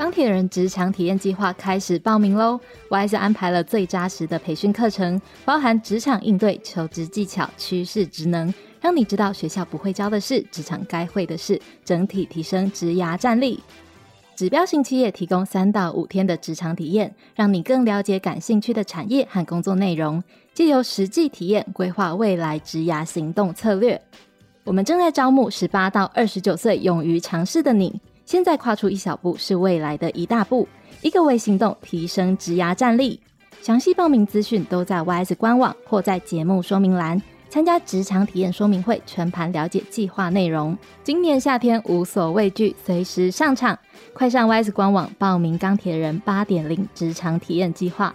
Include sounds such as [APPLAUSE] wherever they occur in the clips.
鋼鐵人職場體驗計劃開始報名嘍！YS 安排了最扎實的培訓課程，包含職場應對、求職技巧、趨勢職能，讓你知道學校不會教的事，職場該會的事，整體提升職涯戰力。指標性企業提供三到五天的職場體驗，讓你更了解感興趣的產業和工作內容，借由實際體驗規劃未來職涯行動策略。我們正在招募十八到二十九歲、勇於嘗試的你。現在跨出一小步，是未來的一大步。一個微行動，提升職涯戰力。詳細報名資訊都在 YS 官網或在節目說明欄。參加職場體驗說明會，全盤了解計劃內容。今年夏天無所畏懼，隨時上場。快上 YS 官網報名鋼鐵人八點零職場體驗計劃。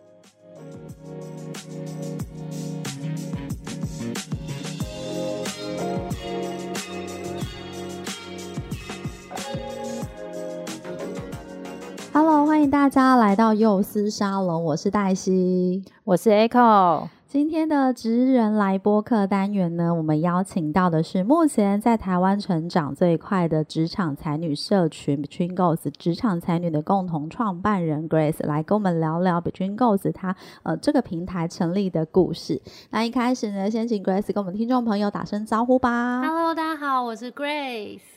Hello，歡迎大家來到幼師沙龍，我是黛西，我是 Echo。今天的職人來播客單元呢，我們邀請到的是目前在台灣成長最快的職場才女社群 BetweenGos 職場才女的共同創辦人 Grace，來跟我們聊聊 BetweenGos 它，呃這個平台成立的故事。那一開始呢，先請 Grace 跟我們聽眾朋友打聲招呼吧。Hello，大家好，我是 Grace。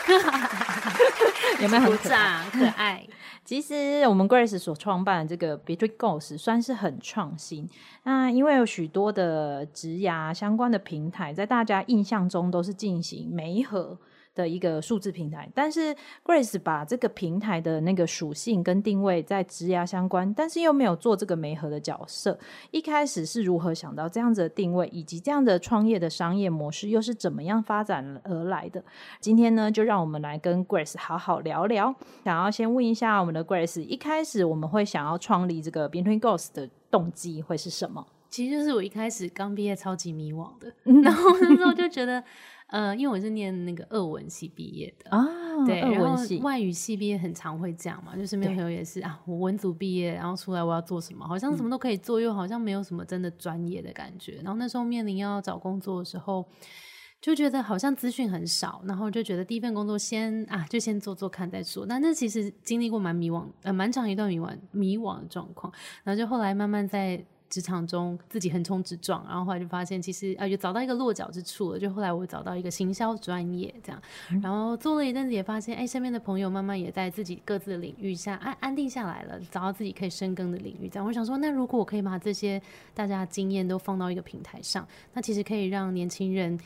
[LAUGHS] [LAUGHS] 有沒有很渣可愛？可愛 [LAUGHS] 其實我們 Grace 所創辦的這個 BetweenGos 算是很創新。那因為有許多的職涯相關的平台，在大家印象中都是進行媒合。的一個數字平台，但是 Grace 把這個平台的那個屬性跟定位在職涯相關，但是又沒有做這個媒合的角色。一開始是如何想到這樣子的定位，以及這樣的創業的商業模式又是怎麼樣發展而來的？今天呢，就讓我們來跟 Grace 好好聊聊。想要先問一下我們的 Grace，一開始我們會想要創立這個 BetweenGos 的動機會是什麼？其實就是我一開始剛畢業，超級迷惘的， [LAUGHS] 然後那時候就覺得。 [LAUGHS] 呃，因為我是念那個俄文系畢業的啊，對，俄文系然後外語系畢業很常會講嘛，就身、是、邊朋友也是對啊，我文組畢業，然後出來我要做什麼？好像什麼都可以做，嗯、又好像沒有什麼真的專業的感覺。然後那時候面臨要找工作的時候，就覺得好像資訊很少，然後就覺得第一份工作先啊，就先做做看再說。那那其實經歷過蠻迷惘，呃，蠻長一段迷惘迷惘的狀況。然後就後來慢慢在。職場中自己橫衝直撞，然後後來就發現其實啊，就找到一個落腳之處了。就後來我找到一個行銷專業這樣，然後做了一陣子，也發現哎，身邊的朋友慢慢也在自己各自的領域下安、啊、安定下來了，找到自己可以深耕的領域。這樣，我想說，那如果我可以把這些大家的經驗都放到一個平台上，那其實可以讓年輕人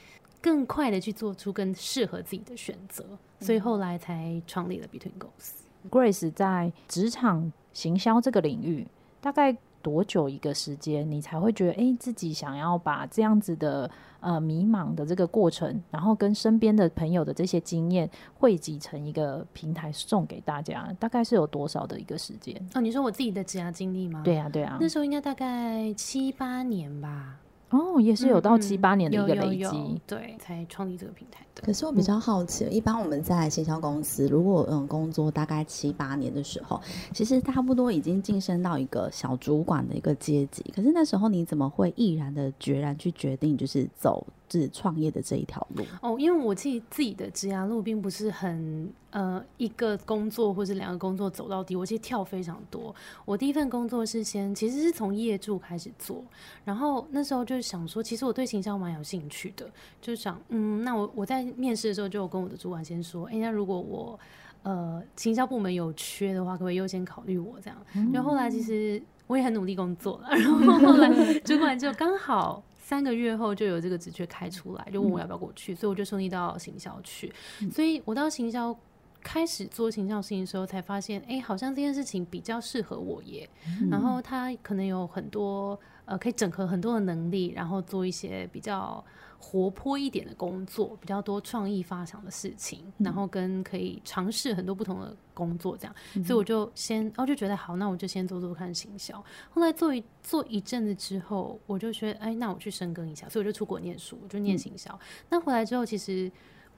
更快的去做出更適合自己的選擇。嗯、所以後來才創立了 BetweenGos。Grace 在職場行銷這個領域大概。多久一個時間，你才會覺得哎，自己想要把這樣子的呃迷茫的這個過程，然後跟身邊的朋友的這些經驗汇集成一個平台送給大家，大概是有多少的一個時間？哦，你說我自己的職涯經歷嗎？對呀，對呀，那時候應該大概七八年吧。哦，也是有到七八年的一個累積、嗯，對，才創立這個平台的。可是我比較好奇，一般我們在行銷公司，如果嗯工作大概七八年的時候，其實差不多已經晉升到一個小主管的一個階級。可是那時候你怎麼會毅然的、決然去決定就是走是創業的這一條路哦，因為我自己自己的職業路並不是很呃一個工作或是兩個工作走到底，我其實跳非常多。我第一份工作是先其實是從業助開始做，然後那時候就想說，其實我對行銷蠻有興趣的，就想嗯，那我我在面試的時候就有跟我的主管先說，哎、欸，那如果我呃行銷部門有缺的話，可不可以優先考慮我這樣？嗯、然後後來其實我也很努力工作了， [LAUGHS] 然後後來主管就剛好。三個月後就有這個職缺開出來，就問我要不要過去，所以我就順利到行銷去。嗯、所以我到行銷開始做行銷事情的時候，才發現，哎、欸，好像這件事情比較適合我耶。嗯、然後他可能有很多呃，可以整合很多的能力，然後做一些比較。活潑一點的工作，比較多創意發想的事情，嗯、然後跟可以嘗試很多不同的工作這樣，嗯、所以我就先哦就覺得好，那我就先做做看行銷。後來做一做一陣子之後，我就覺得哎，那我去深耕一下，所以我就出國念書，我就念行銷。嗯、那回來之後，其實。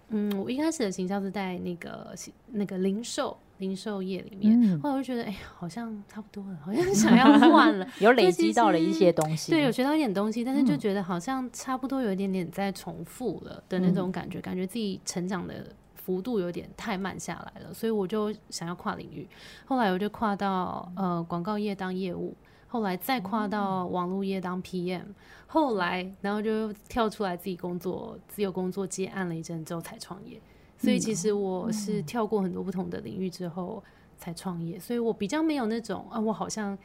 嗯，我一開始的行銷是在那個那個零售零售業裡面，嗯、後來我就覺得哎、欸，好像差不多了，好像想要換了， [LAUGHS] 有累積到了一些東西，對，有學到一點東西，但是就覺得好像差不多有一點點在重複了的那種感覺，嗯、感覺自己成長的幅度有點太慢下來了，所以我就想要跨領域，後來我就跨到呃廣告業當業務。後來再跨到網絡業當 PM，嗯嗯，後來然後就跳出來自己工作，自由工作接案了一陣之後才創業。所以其實我是跳過很多不同的領域之後才創業，嗯嗯嗯，所以我比較沒有那種啊，我好像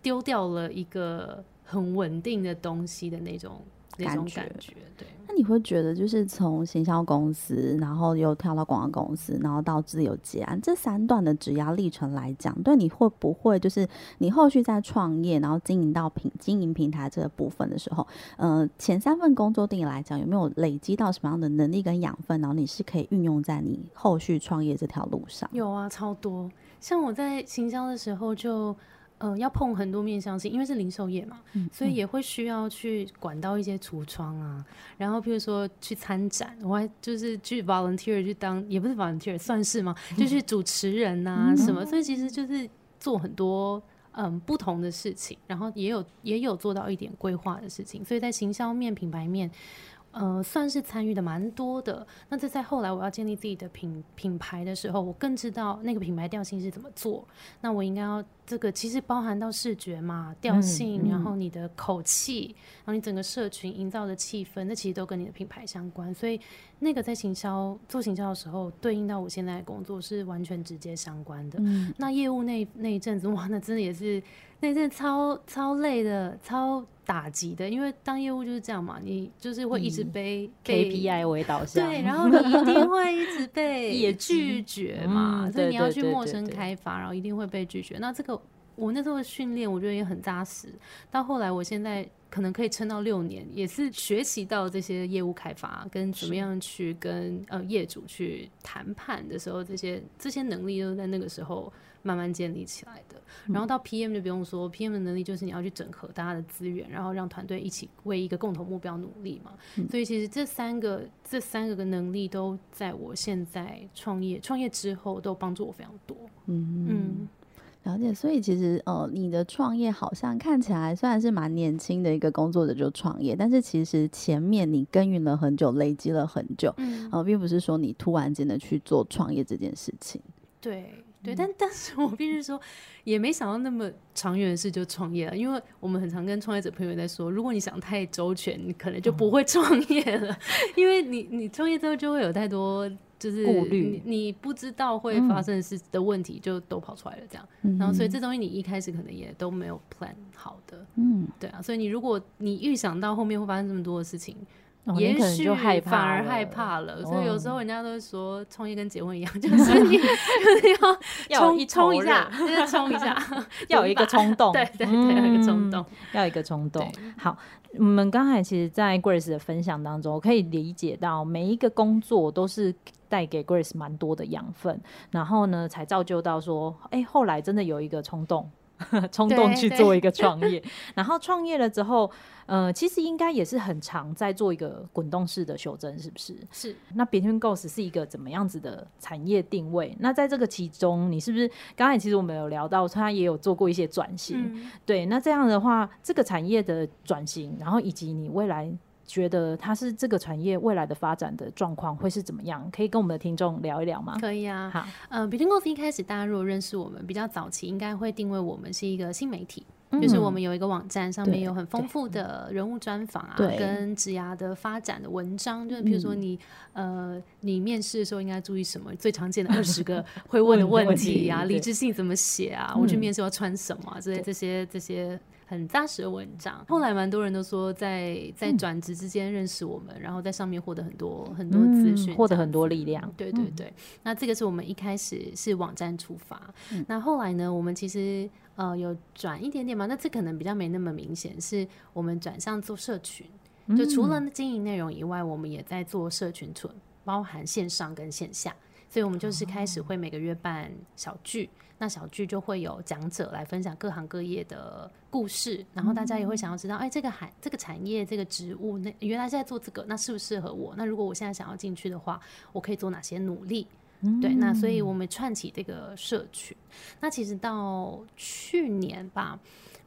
丟掉了一個很穩定的東西的那種。那種感覺，對。那你會覺得，就是從行銷公司，然後又跳到廣告公司，然後到自由接案這三段的職業歷程來講，對你會不會就是你後續在創業，然後經營到平經營平台這個部分的時候，呃，前三份工作對你來講有沒有累積到什麼樣的能力跟養分，然後你是可以運用在你後續創業這條路上？有啊，超多。像我在行銷的時候就。嗯、呃，要碰很多面向性，因為是零售業嘛，嗯嗯，所以也會需要去管到一些櫥窗啊，然後譬如說去參展，我還就是去 volunteer 去當，也不是 volunteer 算是嘛，就是主持人吶、啊、什麼，嗯、所以其實就是做很多嗯不同的事情，然後也有也有做到一點規劃的事情，所以在行銷面、品牌面，嗯、呃，算是參與的蠻多的。那這在後來我要建立自己的品品牌的時候，我更知道那個品牌調性是怎麼做，那我應該要。這個其實包含到視覺嘛，調性，嗯、然後你的口氣，嗯、然後你整個社群營造的氣氛，嗯、那其實都跟你的品牌相關。所以那個在行銷做行銷的時候，對應到我現在的工作是完全直接相關的。嗯、那業務那那一陣子哇，那真的也是，那陣超超累的，超打擊的，因為當業務就是這樣嘛，你就是會一直被 KPI 為導向，對，然後你一定會一直被也拒絕嘛， [LAUGHS] 嗯、所以你要去陌生開發，嗯、然後，然後一定會被拒絕。那這個。我那時候的訓練，我覺得也很扎實。到後來，我現在可能可以撐到六年，也是學習到這些業務開發跟怎麼樣去跟是呃業主去談判的時候，這些這些能力都在那個時候慢慢建立起來的。嗯、然後到 PM 就不用說，PM 的能力就是你要去整合大家的資源，然後讓團隊一起為一個共同目標努力嘛。嗯、所以其實這三個這三個的能力都在我現在創業創業之後都幫助我非常多。嗯哼嗯。了解，所以其實呃，你的創業好像看起來雖然是蠻年輕的一個工作者就創業，但是其實前面你耕耘了很久，累積了很久，嗯、呃，並不是說你突然間的去做創業這件事情。對對，但但是我必須說，嗯、也沒想到那麼長遠的事就創業了，因為我們很常跟創業者朋友在說，如果你想太周全，你可能就不會創業了，嗯、因為你你創業之後就會有太多。就是你不知道會發生的事的問題，就都跑出來了這樣。然後，所以這東西你一開始可能也都沒有 plan 好的，嗯，對啊。所以你如果你預想到後面會發生這麼多的事情，也許反而害怕了，所以有時候人家都說創業跟結婚一樣，就是你要要一衝一下， [LAUGHS] 衝一下， [LAUGHS] 要有一個衝動，對對對，一個衝動，要一個衝動。 [LAUGHS] 好，我們剛才其實，在 Grace 的分享當中，我可以理解到每一個工作都是帶給 Grace 蠻多的養分，然後呢，才造就到說，哎、欸，後來真的有一個衝動。衝 [LAUGHS] 動去做一個創業，然後創業了之後，呃，其實應該也是很常在做一個滾動式的修正，是不是？是。那 BetweenGos 是一個怎麼樣子的產業定位？那在這個其中，你是不是剛才其實我們有聊到，說他也有做過一些轉型？嗯、對。那這樣的話，這個產業的轉型，然後以及你未來。覺得它是這個產業未來的發展的狀況會是怎麼樣？可以跟我們的聽眾聊一聊嗎？可以啊，好，呃，BetweenGos 一開始大家如果認識我們比較早期，應該會定位我們是一個新媒體。就是我們有一個網站，上面有很豐富的人物專訪啊，對跟職涯的發展的文章啊。就對、嗯、比如說你呃，你面試的時候應該注意什麼？最常見的二十個會問的問題啊，離職信怎麼寫啊？我去面試要穿什麼？這些這些這些很扎實的文章。對對 後來蠻多人都說，在在轉職之間認識我們，然後在上面獲得很多很多資訊，嗯、樣獲得很多力量。對對對，嗯、那這個是我們一開始是網站出發。嗯、那後來呢，我們其實。呃，有轉一點點嘛？那這可能比較沒那麼明顯，是我們轉向做社群，嗯、就除了經營內容以外，我們也在做社群存包含線上跟線下。所以，我們就是開始會每個月辦小聚，哦、那小聚就會有講者來分享各行各業的故事，然後大家也會想要知道，哎、嗯，欸，這個行，這個產業，這個職務，那原來是在做這個，那適不適合我？那如果我現在想要進去的話，我可以做哪些努力？嗯、對，那所以我們串起這個社群。那其實到去年吧，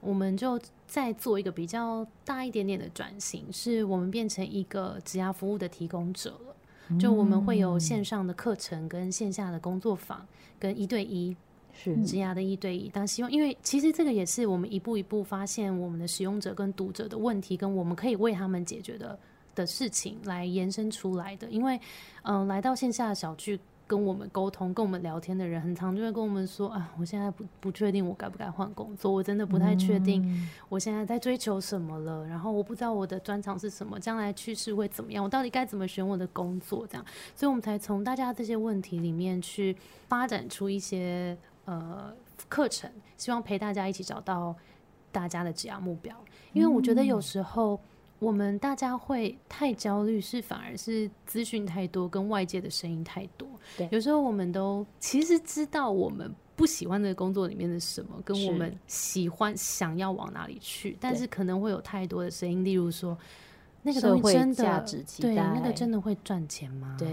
我們就在做一個比較大一點點的轉型，是我們變成一個職涯服務的提供者了。就我們會有線上的課程，跟線下的工作坊，跟一對一是職涯的一對一。但希望，因為其實這個也是我們一步一步發現我們的使用者跟讀者的問題，跟我們可以為他們解決的的事情來延伸出來的。因為，嗯、呃，來到線下的小聚。跟我們溝通、跟我們聊天的人，很常就會跟我們說：“啊，我現在不不確定我該不該換工作，我真的不太確定我現在在追求什麼了，嗯、然後我不知道我的專長是什麼，將來趨勢會怎麼樣，我到底該怎麼選我的工作？”這樣，所以我們才從大家這些問題裡面去發展出一些呃課程，希望陪大家一起找到大家的職涯目標。因為我覺得有時候。嗯我們大家會太焦慮，是反而是資訊太多，跟外界的聲音太多。對，有時候我們都其實知道我們不喜歡那個工作裡面是什麼，跟我們喜歡想要往哪裡去，但是可能會有太多的聲音，例如說，那個會真的對，那個真的會賺錢嗎？對，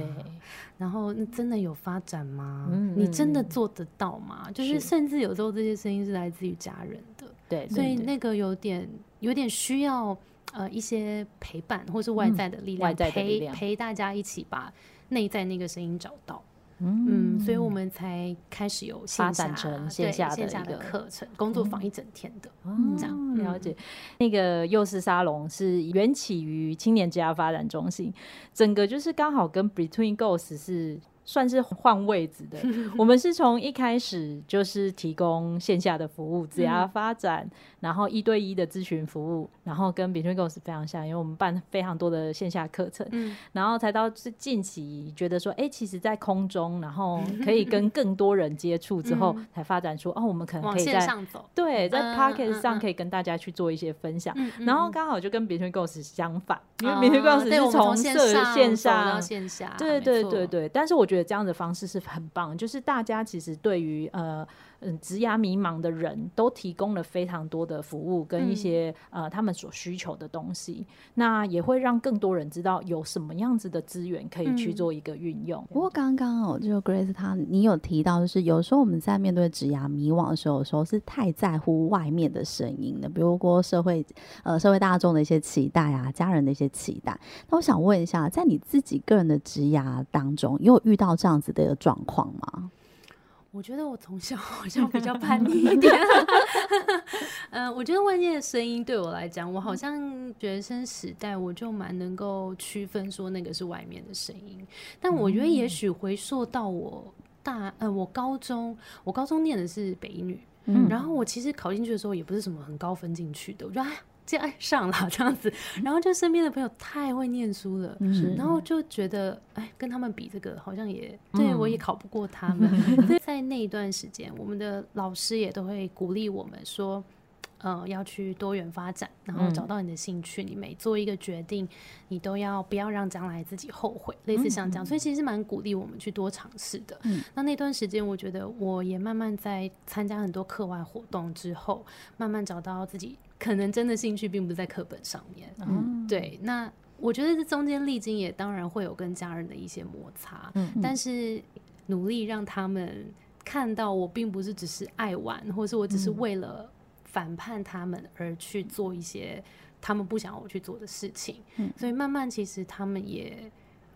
然後那真的有發展嗎？你真的做得到嗎？就是甚至有時候這些聲音是來自於家人的，對，所以那個有點有點需要。呃，一些陪伴或是外在的力量，陪陪大家一起把內在那個聲音找到。嗯，嗯，所以我們才開始有發展成線下的、線下的課程、嗯、工作坊，一整天的、嗯、這樣、哦、了解。嗯、那個 YS 沙龍是源起於青年職涯發展中心，整個就是剛好跟 BetweenGos 是算是換位置的。 [LAUGHS] 我們是從一開始就是提供線下的服務，職涯發展。嗯然後一對一的諮詢服務，然後跟 BetweenGos 是非常像，因為我們辦非常多的線下課程，然後才到是近期覺得說，哎，其實，在空中，然後可以跟更多人接觸之後，才發展出哦，我們可能往線上走，對，在 Podcast 上可以跟大家去做一些分享，然後剛好就跟 BetweenGos 相反，因為 BetweenGos 是從線線上到線下，對對對對，但是我覺得這樣的方式是很棒，就是大家其實對於呃。嗯，職涯、呃、迷茫的人都提供了非常多的服務跟一些、嗯、呃他們所需求的東西，那也會讓更多人知道有什麼樣子的資源可以去做一個運用。嗯、不過剛剛哦，就 Grace 她你有提到，就是有時候我們在面對職涯迷惘的，的時候，有時候是太在乎外面的聲音的，比如說社會呃社會大眾的一些期待啊，家人的一些期待。那我想問一下，在你自己個人的職涯當中，你有，有遇到這樣子的一個狀況嗎？我覺得我從小好像比較叛逆一點，嗯 [LAUGHS] [LAUGHS] 呃，我覺得外面的聲音對我來講，我好像學生時代我就蠻能夠區分說那個是外面的聲音，但我覺得也許回溯到我大呃，我高中我高中念的是北一女，嗯、然後我其實考進去的時候也不是什麼很高分進去的，我覺得、啊。這愛上了這樣子，然後就身邊的朋友太會念書了，嗯，然後就覺得哎，跟他們比這個好像也，嗯、對我也考不過他們。在那一段時間，我們的老師也都會鼓勵我們說，呃，要去多元發展，然後找到你的興趣。你每做一個決定，你都要不要讓將來自己後悔。類似像這樣，所以其實蠻鼓勵我們去多嘗試的。那那段時間，我覺得我也慢慢在參加很多課外活動之後，慢慢找到自己。可能真的興趣並不在課本上面，嗯，對。那我覺得這中間歷經也當然會有跟家人的一些摩擦，嗯，嗯，但是努力讓他們看到我並不是只是愛玩，或是我只是為了反叛他們而去做一些他們不想要我去做的事情，嗯，所以慢慢其實他們也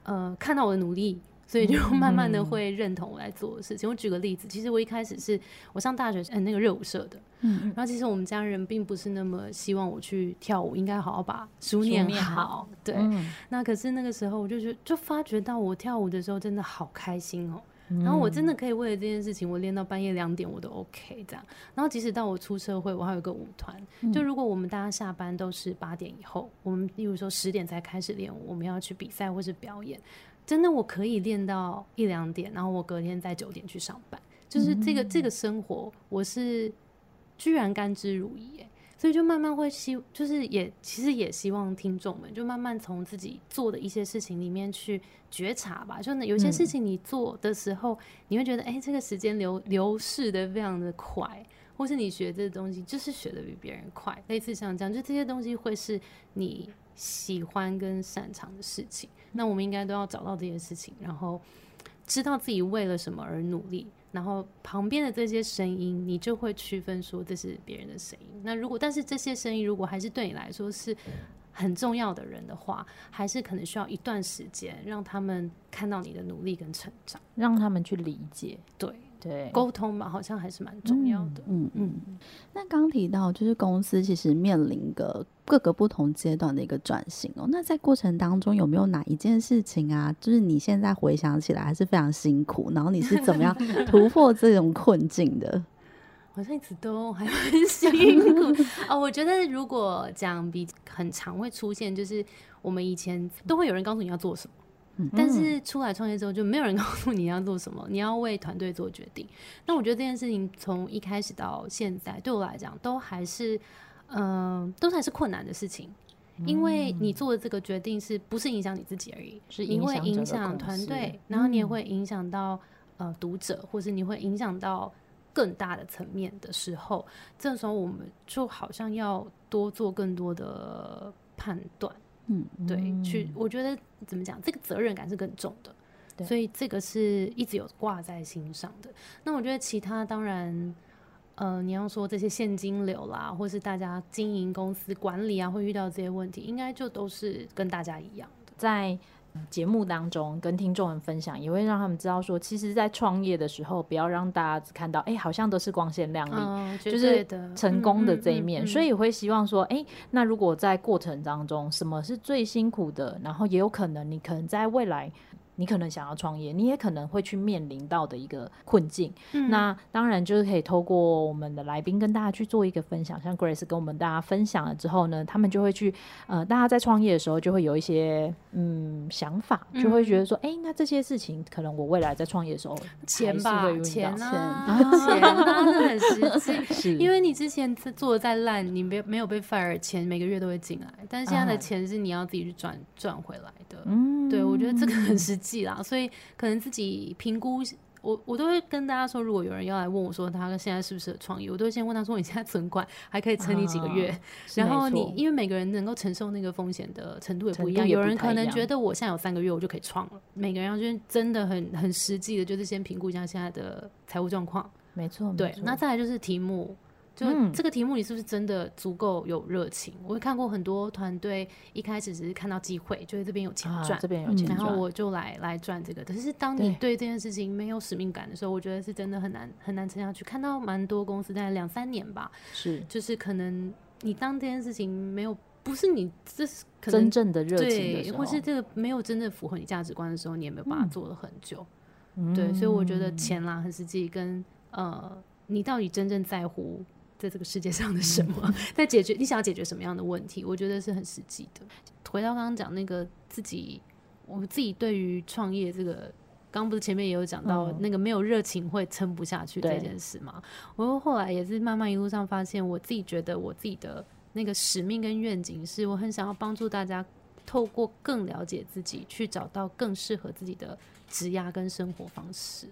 呃看到我的努力。所以就慢慢的會認同我來做的事情。嗯、我舉個例子，其實我一開始是我上大學是那個熱舞社的，嗯，然後其實我們家人並不是那麼希望我去跳舞，應該好好把書念好，嗯、對。嗯、那可是那個時候我就覺就發覺到我跳舞的時候真的好開心哦、喔，嗯、然後我真的可以為了這件事情我練到半夜兩點我都 OK 這樣。然後即使到我出社會，我還有一個舞團，嗯、就如果我們大家下班都是八點以後，我們例如說十點才開始練舞，我們要去比賽或是表演。真的我可以練到一兩點，然後我隔天在九點去上班，就是這個嗯嗯這個生活我是居然甘之如飴耶，所以就慢慢會希，就是也其實也希望聽眾們就慢慢從自己做的一些事情裡面去覺察吧，就有些事情你做的時候，嗯、你會覺得哎、欸，這個時間流流逝得非常的快，或是你學這個東西就是學的比別人快，類似像這樣，就這些東西會是你喜歡跟擅長的事情。那我們應該都要找到這件事情，然後知道自己為了什麼而努力，然後旁邊的這些聲音，你就會區分說這是別人的聲音。那如果但是這些聲音如果還是對你來說是很重要的人的話，還是可能需要一段時間讓他們看到你的努力跟成長，讓他們去理解。對。對，溝通嘛，好像還是蠻重要的。嗯嗯，嗯。那剛提到就是公司其實面臨的各個不同階段的一個轉型哦，那在過程當中有沒有哪一件事情啊，就是你現在回想起來還是非常辛苦，然後你是怎麼樣突破這種困境的？好像一直都還很辛苦 [LAUGHS] 哦，我覺得如果講比很常會出現，就是我們以前都會有人告訴你要做什麼。但是出來創業之後，就沒有人告訴你要做什麼，你要為團隊做決定。那我覺得這件事情從一開始到現在，對我來講都還是，嗯、呃，都還是困難的事情，因為你做的這個決定是不是影響你自己而已，嗯、是因為影響團隊，然後你也會影響到呃讀者，或是你會影響到更大的層面的時候，這個時候我們就好像要多做更多的判斷。嗯，對，去，我覺得怎麼講，這個責任感是更重的，對，所以這個是一直有掛在心上的。那我覺得其他當然，呃，你要說這些現金流啦，或是大家經營公司管理啊，會遇到這些問題，應該就都是跟大家一樣的，在。節目當中跟聽眾們分享，也會讓他們知道說，其實，在創業的時候，不要讓大家只看到，哎，好像都是光鮮亮麗，哦、就是成功的這一面。嗯嗯嗯嗯、所以也會希望說，哎，那如果在過程當中，什麼是最辛苦的？然後也有可能，你可能在未來。你可能想要創業，你也可能會去面臨到的一個困境。嗯、那當然就是可以透過我們的來賓跟大家去做一個分享，像 Grace 跟我們大家分享了之後呢，他們就會去呃，大家在創業的時候就會有一些嗯想法，就會覺得說，哎、嗯欸，那這些事情可能我未來在創業的時候錢吧，錢錢真的很實際， [LAUGHS] 是因為你之前做的再爛，你沒沒有被 fire，錢每個月都會進來，但是現在的錢是你要自己去賺賺、嗯、回來的。嗯，對，我覺得這個很實際。所以可能自己評估，我我都會跟大家說，如果有人要來問我說他現在是不是創業，我都會先問他說你現在存款還可以撐你幾個月？啊、然後你因為每個人能夠承受那個風險的程度也不一樣，一樣有人可能覺得我現在有三個月我就可以創了。嗯、每個人要覺得真的很很實際的，就是先評估一下現在的財務狀況。沒錯錯，對。錯那再來就是題目。就這個題目，你是不是真的足夠有熱情？嗯、我也看過很多團隊，一開始只是看到機會，就是這邊有錢賺，啊，這邊有錢賺，嗯、然後我就來來賺這個。可是當你對這件事情沒有使命感的時候，對我覺得是真的很難很難撐下去。看到蠻多公司，大概兩三年吧，是，就是可能你當這件事情沒有，不是你這是可能真正的熱情的，對，或是這個沒有真正符合你價值觀的時候，你也沒有辦法做了很久。嗯、對，所以我覺得錢啦很實際，跟呃，你到底真正在乎。在這個世界上的什麼，嗯、在解決你想要解決什麼樣的問題？我覺得是很實際的。回到剛剛講那個自己，我自己對於創業這個，剛剛不是前面也有講到、嗯、那個沒有熱情會撐不下去這件事嘛？對我又後來也是慢慢一路上發現，我自己覺得我自己的那個使命跟願景是，我很想要幫助大家透過更了解自己，去找到更適合自己的職涯跟生活方式。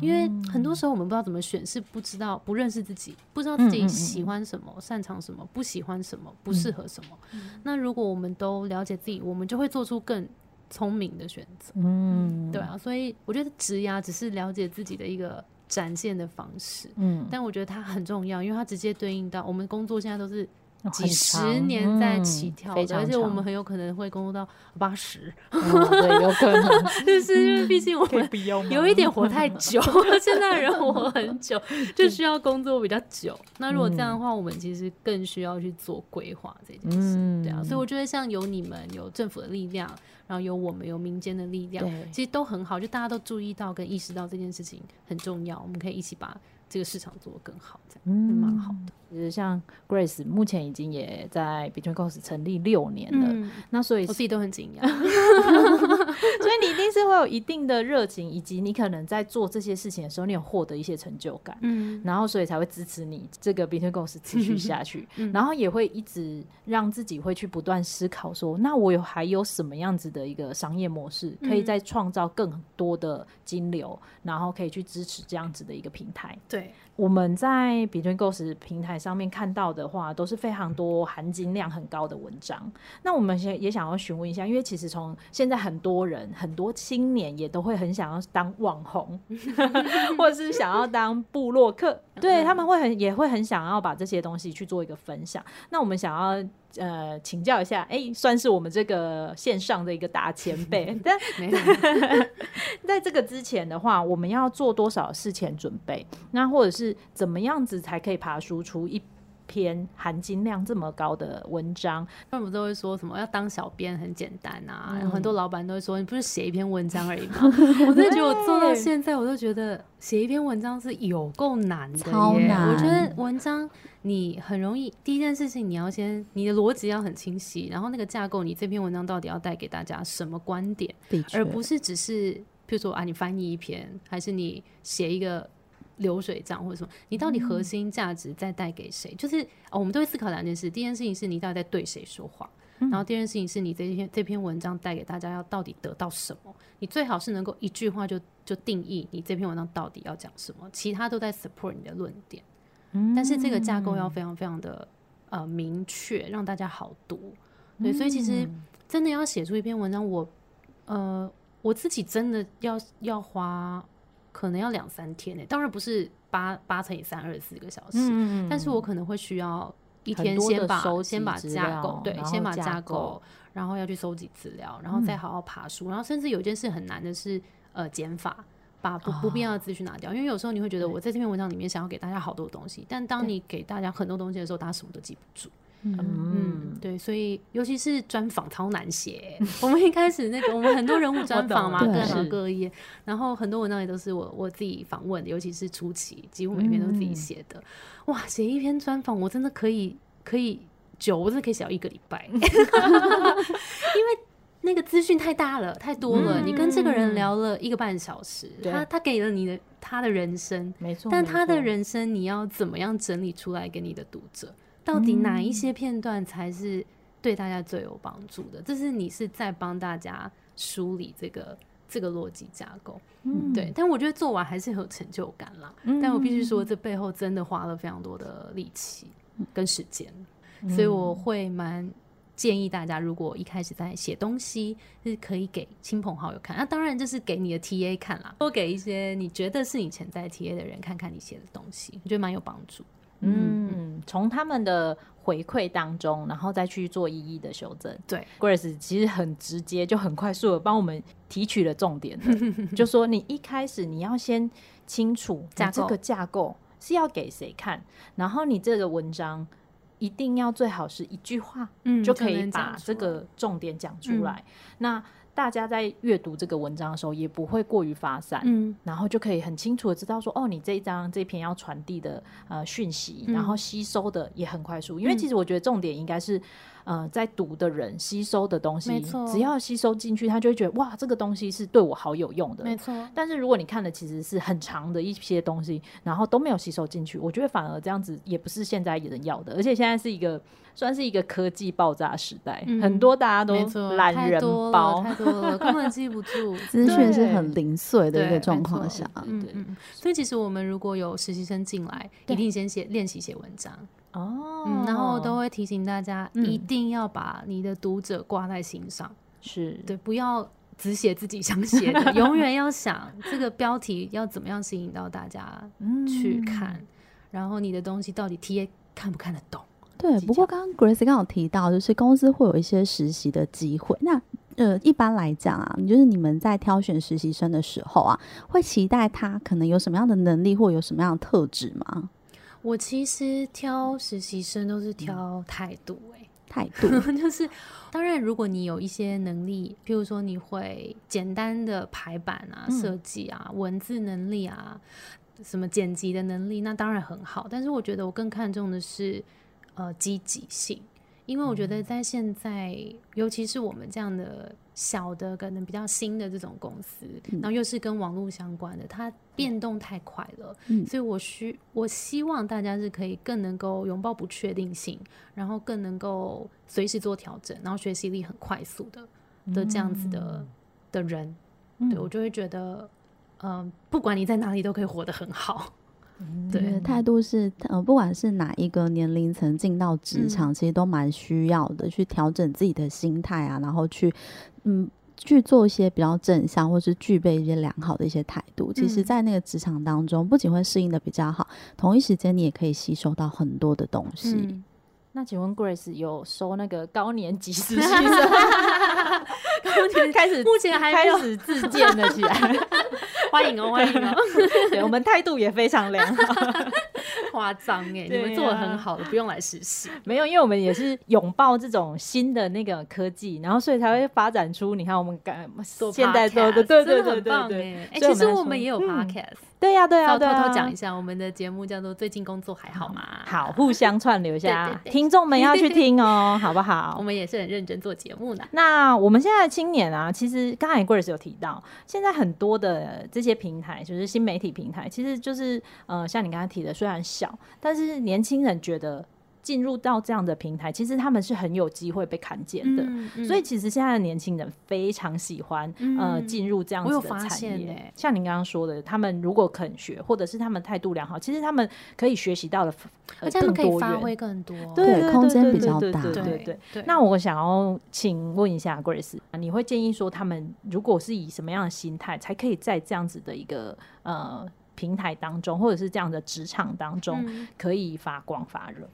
因為很多時候我們不知道怎麼選，是不知道不認識自己，不知道自己喜歡什麼、嗯嗯、擅長什麼、不喜歡什麼、不適合什麼。嗯、那如果我們都了解自己，我們就會做出更聰明的選擇。嗯，對啊，所以我覺得職涯只是了解自己的一個展現的方式。嗯，但我覺得它很重要，因為它直接對應到我們工作現在都是。幾十年在起跳，哦嗯、而且我們很有可能會工作到八十，嗯、 [LAUGHS] 對，有可能。 [LAUGHS] 就是因為畢竟我們有一點活太久了， [LAUGHS] 現在人活很久、嗯、就需要工作比較久。嗯、那如果這樣的話，我們其實更需要去做規劃這件事，嗯、對啊。所以我覺得像有你們、有政府的力量，然後有我們、有民間的力量，對其實都很好。就大家都注意到跟意識到這件事情很重要，我們可以一起把。這個市場做得更好，這樣蠻好的。嗯、其實像 Grace，目前已經也在 BetweenGos 成立六年了，嗯、那所以我自己都很緊張。 [LAUGHS] 所以你一定是會有一定的熱情，以及你可能在做這些事情的時候，你有獲得一些成就感，嗯，然後所以才會支持你這個 BetweenGos 公司持續下去， [LAUGHS] 嗯、然後也會一直讓自己會去不斷思考說，那我有還有什麼樣子的一個商業模式，可以再創造更多的金流，嗯、然後可以去支持這樣子的一個平台，對。 [NOISE] 我們在 BetweenGos 平台上面看到的話，都是非常多含金量很高的文章。那我們也想要詢問一下，因為其實從現在很多人，很多青年也都會很想要當網紅， [LAUGHS] [LAUGHS] 或者是想要當部落客， [LAUGHS] 對他們會很也會很想要把這些東西去做一個分享。那我們想要。呃，請教一下，哎、欸，算是我們這個線上的一個大前輩，但 [LAUGHS] [LAUGHS] [LAUGHS] 在這個之前的話，我們要做多少事前準備？那或者是怎麼樣子才可以爬輸出一？篇含金量這麼高的文章，他們都會說什麼？要當小編很簡單啊！嗯、然後很多老闆都會說：“你不是寫一篇文章而已嗎？” [LAUGHS] 我真的覺得，我做到現在，我都覺得寫一篇文章是有夠難的，超難。我覺得文章你很容易，第一件事情你要先，你的邏輯要很清晰，然後那個架構，你這篇文章到底要帶給大家什麼觀點，確而不是只是譬如說啊，你翻譯一篇，還是你寫一個。流水賬或者什麼，你到底核心價值在帶給誰？嗯、就是、哦、我們都會思考兩件事：第一件事情是你到底在對誰說話；嗯、然後第二件事情是你這篇這篇文章帶給大家要到底得到什麼。你最好是能夠一句話就就定義你這篇文章到底要講什麼，其他都在 support 你的論點。嗯，但是這個架構要非常非常的呃明確，讓大家好讀。嗯、對，所以其實真的要寫出一篇文章，我呃我自己真的要要花。可能要兩三天呢、欸，當然不是八八乘以三二十四個小時，嗯嗯但是，我可能會需要一天先把先把架構對，先把架構，然後，架構然後要去搜集資料，然後再好好爬梳，嗯、然後甚至有一件事很難的是，呃，減法，把不不必要的資訊拿掉，哦、因為有時候你會覺得我在這篇文章裡面想要給大家好多東西，但當你給大家很多東西的時候，對大家什麼都記不住。嗯，對，所以尤其是專訪超難寫，欸。 [LAUGHS] 我們一開始那個，我們很多人物專訪嘛， [LAUGHS] 懂各行各業，對然後很多文章也都是我我自己訪問的，尤其是初期，幾乎每篇都自己寫的。嗯、哇，寫一篇專訪，我真的可以可以久，我真的可以寫一個禮拜， [LAUGHS] [LAUGHS] 因為那個資訊太大了，太多了。嗯、你跟這個人聊了一個半小時，嗯、他他給了你的他的人生，沒錯錯，但他的人生你要怎麼樣整理出來給你的讀者？到底哪一些片段才是對大家最有幫助的？這是你是在幫大家梳理這個這個邏輯架構，嗯，對。但我覺得做完還是很有成就感啦。嗯、但我必須說，這背後真的花了非常多的力氣跟時間，嗯、所以我會蠻建議大家，如果一開始在寫東西，就是、可以給親朋好友看。那、啊、當然，就是給你的 TA 看啦，多給一些你覺得是你潛在 TA 的人看看你寫的東西，我覺得蠻有幫助。嗯，從、嗯、他們的回饋當中，然後再去做一一的修正。對，Grace 其實很直接，就很快速的幫我們提取了重點了， [LAUGHS] 就說你一開始你要先清楚這個架構是要給誰看，然後你這個文章一定要最好是一句話，就可以把這個重點講出來。嗯，出來，嗯、那大家在閱讀這個文章的時候，也不會過於發散，嗯，然後就可以很清楚的知道說，哦，你這一張這一篇要傳遞的呃訊息，然後吸收的也很快速，嗯，因為其實我覺得重點應該是。呃，在讀的人吸收的東西，錯只要吸收進去，他就會覺得哇，這個東西是對我好有用的。沒錯。但是如果你看的其實是很長的一些東西，然後都沒有吸收進去，我覺得反而這樣子也不是現在人要的。而且現在是一個算是一個科技爆炸時代，嗯、很多大家都懶人包太多，太多了，根本記不住，資訊 [LAUGHS] 是很零碎的一個狀況下。對、嗯嗯嗯，所以其實我們如果有實習生進來，一定先寫對練習寫文章。哦、嗯，然後都會提醒大家，嗯、一定要把你的讀者掛在心上，是對，不要只寫自己想寫的， [LAUGHS] 永遠要想這個標題要怎麼樣吸引到大家去看，嗯、然後你的東西到底 TA 看不看得懂？對。將不過剛剛 Grace 剛有提到，就是公司會有一些實習的機會，那呃，一般來講啊，就是你們在挑選實習生的時候啊，會期待他可能有什麼樣的能力或有什麼樣的特質嗎？我其實挑實習生都是挑態度、欸、嗯、態度，哎，態度就是，當然，如果你有一些能力，譬如說你會簡單的排版啊、設計、嗯、啊、文字能力啊、什麼剪輯的能力，那當然很好。但是我覺得我更看重的是，呃，積極性。因為我覺得在現在，嗯、尤其是我們這樣的小的、可能比較新的這種公司，嗯、然後又是跟網絡相關的，它變動太快了。嗯、所以我需我希望大家是可以更能夠擁抱不確定性，嗯、然後更能夠隨時做調整，然後學習力很快速的、嗯、的這樣子的的人，嗯、對我就會覺得，嗯、呃，不管你在哪裡，都可以活得很好。嗯、對，態度是，呃，不管是哪一個年齡層進到職場，嗯、其實都蠻需要的，去調整自己的心態啊，然後去，嗯，去做一些比較正向，或是具備一些良好的一些態度。嗯、其實，在那個職場當中，不僅會適應的比較好，同一時間你也可以吸收到很多的東西。嗯、那請問 Grace 有收那個高年級 [LAUGHS] [LAUGHS] 實習生？開始，目前還開始自薦了起來。 [LAUGHS] [LAUGHS] 歡迎哦、喔，歡迎哦、喔， [LAUGHS] 對，我們態度也非常良好。 [LAUGHS] 誇張哎，你們做的很好的，不用來實習。沒有，因為我們也是擁抱這種新的那個科技，然後所以才會發展出你看我們做現在做的，對對對對，哎，其實我們也有 Podcast，對呀對呀對呀，偷偷講一下，我們的節目叫做《最近工作還好嗎》。好，互相串流一下，聽眾們要去聽哦，好不好？我們也是很認真做節目的。那我們現在的青年啊，其實剛才 Grace 有提到，現在很多的這些平台，就是新媒體平台，其實就是呃，像你剛才提的，雖然小，但是年輕人覺得進入到這樣的平台，其實他們是很有機會被看見的。所以，其實現在的年輕人非常喜歡呃進入這樣子的產業。像您剛剛說的，他們如果肯學，或者是他們態度良好，其實他們可以學習到的，而且他們可以發揮更多，對空間比較大。對對對。那我想要請問一下 Grace，你會建議說他們如果是以什麼樣的心態，才可以在這樣子的一個呃？平台當中，或者是這樣的職場當中，嗯，可以發光發熱。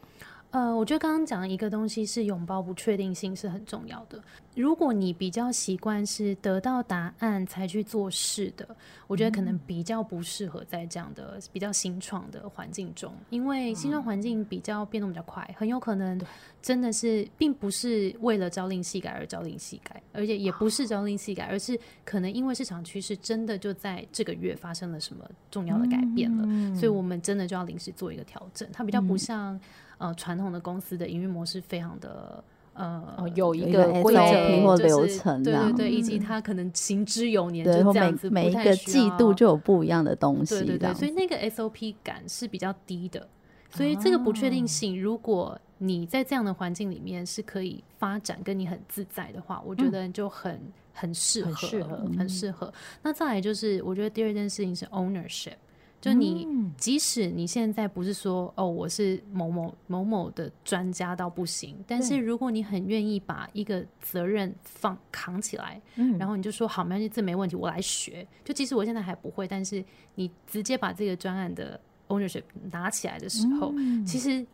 呃，我覺得剛剛講的一個東西是擁抱不確定性是很重要的。如果你比較習慣是得到答案才去做事的，我覺得可能比較不適合在這樣的比較新創的環境中，因為新創環境比較變動比較快，很有可能真的是並不是為了朝令夕改而朝令夕改，而且也不是朝令夕改，而是可能因為市場趨勢真的就在這個月發生了什麼重要的改變了，所以我們真的就要臨時做一個調整。它比較不像。呃，傳統的公司的營運模式非常的呃，有一個規則，流程、就是，對對對，以及它可能行之有年，對就這樣子每每個季度就有不一樣的東西，對，對對。所以那個 SOP 感是比較低的，所以這個不確定性，啊、如果你在這樣的環境裡面是可以發展跟你很自在的話，我覺得就很、嗯、很適合，嗯、很適合。那再來就是，我覺得第二件事情是 ownership。就你，即使你現在不是說哦，我是某某某某的專家到不行，但是如果你很願意把一個責任放扛起來，然後你就說好，沒關係，這沒問題，我來學。就即使我現在還不會，但是你直接把這個專案的 ownership 拿起來的時候，其實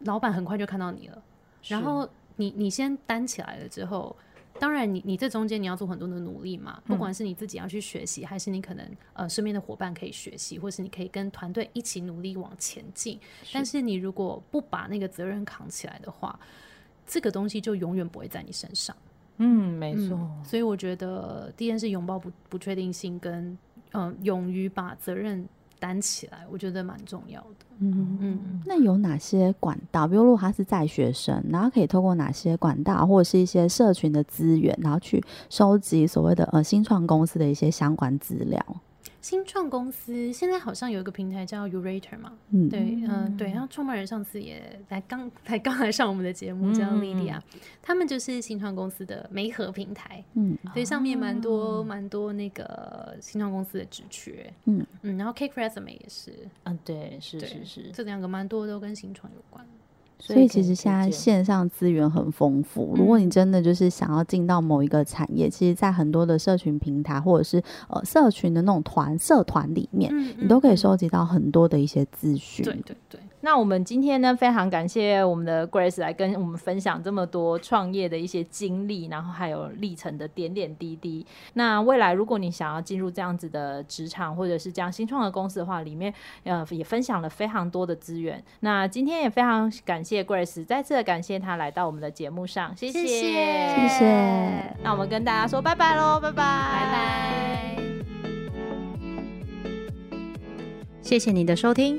老闆很快就看到你了。然後你你先擔起來了之後。當然你，你你這中間你要做很多的努力嘛，不管是你自己要去學習，還是你可能呃身邊的夥伴可以學習，或是你可以跟團隊一起努力往前進。是但是你如果不把那個責任扛起來的話，這個東西就永遠不會在你身上。嗯，沒錯、嗯。所以我覺得，第一件事是擁抱不不確定性跟，跟、呃、嗯，勇於把責任。擔起來，我覺得蠻重要的。嗯嗯，嗯，那有哪些管道？比如說他是在學生，然後可以通過哪些管道，或者是一些社群的資源，然後去收集所謂的呃新創公司的一些相關資料。新創公司現在好像有一個平台叫 Urator 嘛，嗯，對，呃、嗯，對，然後創辦人上次也才剛才剛來上我們的節目、嗯、叫 Lydia、嗯。他們就是新創公司的媒合平台，嗯，所以上面蠻多蠻、嗯、多那個新創公司的職缺，嗯嗯，然後 Cake Resume 也是，嗯、啊，對，是是是，這兩個蠻多都跟新創有關的。所以其實現在線上資源很豐富，嗯、如果你真的就是想要進到某一個產業，其實，在很多的社群平台或者是呃社群的那種團，社團裡面，嗯嗯嗯，你都可以收集到很多的一些資訊。對對對。那我們今天呢，非常感謝我們的 Grace 來跟我們分享這麼多創業的一些經歷，然後還有歷程的點點滴滴。那未來如果你想要進入這樣子的職場，或者是這樣新創的公司的話，裡面呃也分享了非常多的資源。那今天也非常感謝 Grace，再次的感謝她來到我們的節目上，謝謝謝謝。那我們跟大家說拜拜嘍，拜拜拜拜。謝謝你的收聽。